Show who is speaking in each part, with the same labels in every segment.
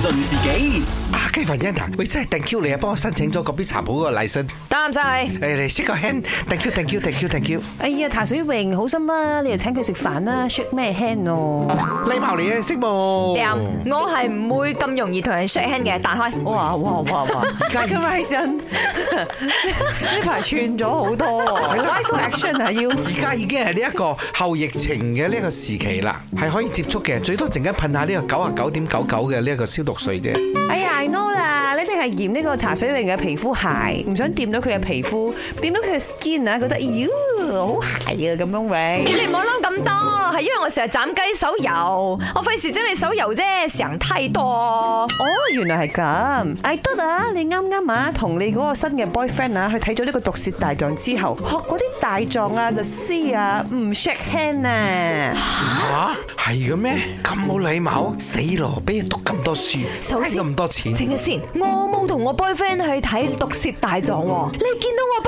Speaker 1: 盡自己啊！Kevin，喂，真係 thank you 你啊！幫我申請咗嗰邊茶鋪嗰個禮信，得唔得？嚟嚟，shake 個 hand，thank you，thank you，thank you，thank
Speaker 2: you。哎呀，茶水榮好心啊，你又請佢食飯啦，shake 咩 hand 哦？禮貌嚟嘅，識冇？我係唔會咁容易同人 shake hand 嘅，彈開。哇哇哇哇！Aggregation 呢排串咗好多，rise action
Speaker 1: 啊！要而家已經係呢一個後疫情嘅呢個時期啦，係可以接觸嘅，最多陣間噴下呢個九啊九點九九嘅呢一個消。六歲啫，
Speaker 2: 哎呀，I know 啦，你哋係嫌呢個茶水泳嘅皮膚鞋，唔想掂到佢嘅皮膚，掂到佢嘅 skin 啊，覺得咦？好鞋啊！咁樣喂，你唔好諗咁多，係因為我成日斬雞手油，我費事整你的手油啫，成日太多。哦，原來係咁，哎得啊！Thought, 你啱啱啊，同你嗰個新嘅 boyfriend 啊去睇咗呢個毒舌大狀之後，學嗰啲大狀啊律師啊唔 shake hand 啊。吓，係嘅
Speaker 1: 咩？咁冇禮貌，嗯、死咯！俾你讀咁多書，慳咁多錢。靜
Speaker 2: 一先，我冇同我 boyfriend 去睇毒舌大狀喎，嗯，你見到我。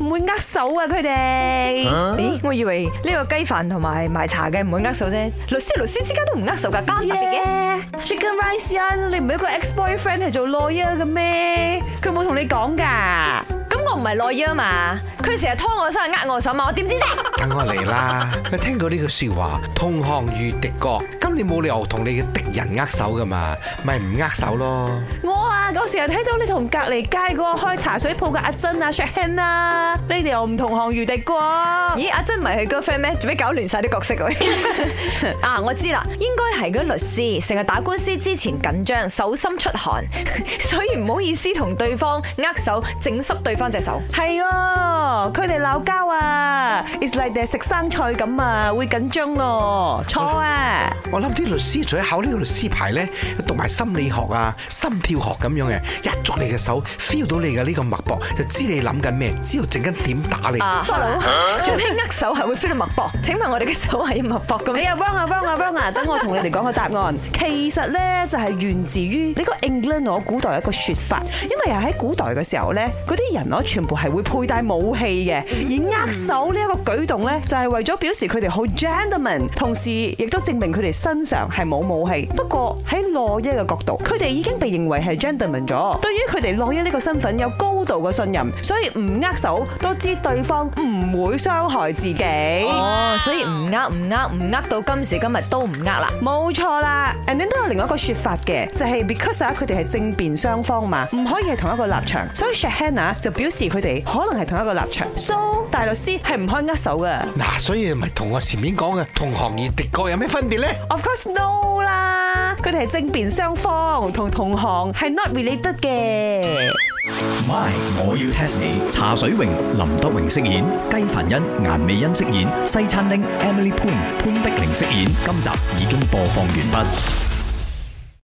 Speaker 2: 唔會握手啊！佢哋，咦？我以為呢個雞飯同埋賣茶嘅唔會握手啫。律師律師之間都唔握手噶，咁特別嘅。Chicken Rice 你唔係一個 ex boyfriend 係做 lawyer 嘅咩？佢冇同你講噶，咁我唔係 lawyer 佢成日拖我身去握我手，嘛，我點知啫？
Speaker 1: 等我嚟啦！佢聽到呢句說話，同行如敵國。今年冇理由同你嘅敵人握手噶嘛，咪唔握手咯。
Speaker 2: 我啊，有成日聽到你同隔籬街嗰個開茶水鋪嘅阿珍啊、Shahin 啊，你哋又唔同行如敵國？咦，阿珍唔係佢 girlfriend 咩？做咩搞亂晒啲角色喂？啊， 我知啦，應該係嗰啲律師成日打官司之前緊張手心出汗，所以唔好意思同對方握手，整濕對方隻手。係啊。佢哋鬧交啊，is like 第日食生菜咁啊，會緊張咯，錯啊！
Speaker 1: 我諗啲律師除咗考呢個律師牌咧，要讀埋心理學啊、心跳學咁樣嘅，一捉你隻手 feel 到你嘅呢個脈搏，就知你諗緊咩，知道陣間點打你。
Speaker 2: 手係會非常 e l 脈搏，請問我哋嘅手係有脈搏嘅你啊 w r o 啊，啊，等我同你哋講個答案。其實呢，就係源自於你個 England 古代的一個說法，因為喺古代嘅時候呢，嗰啲人全部係會佩戴武器嘅，而握手呢一個舉動呢就係為咗表示佢哋好 gentleman，同時亦都證明佢哋身上係冇武器。不過喺洛伊嘅角度，佢哋已經被認為係 gentleman 咗。對於佢哋洛伊呢個身份有高度嘅信任，所以唔握手都知道對方唔會傷害自自己，哦，所以唔呃唔呃唔呃到今時今日都唔呃啦，冇錯啦。And then 都有另外一個說法嘅，就係 because 佢哋係正辯雙方嘛，唔可以係同一個立場，所以 Shahana 就表示佢哋可能係同一個立場。So 大律師係唔可以握手嘅。
Speaker 1: 嗱，所以咪同我前面講嘅同行業敵國有咩分別咧
Speaker 2: ？Of course no 啦。佢哋係正辯雙方同同行係 not related 嘅。My，我要 test 你。茶水榮林德榮飾演，雞凡欣顏美欣飾演，西餐廳 Emily Poon，潘碧玲飾演。今集已經播放完畢。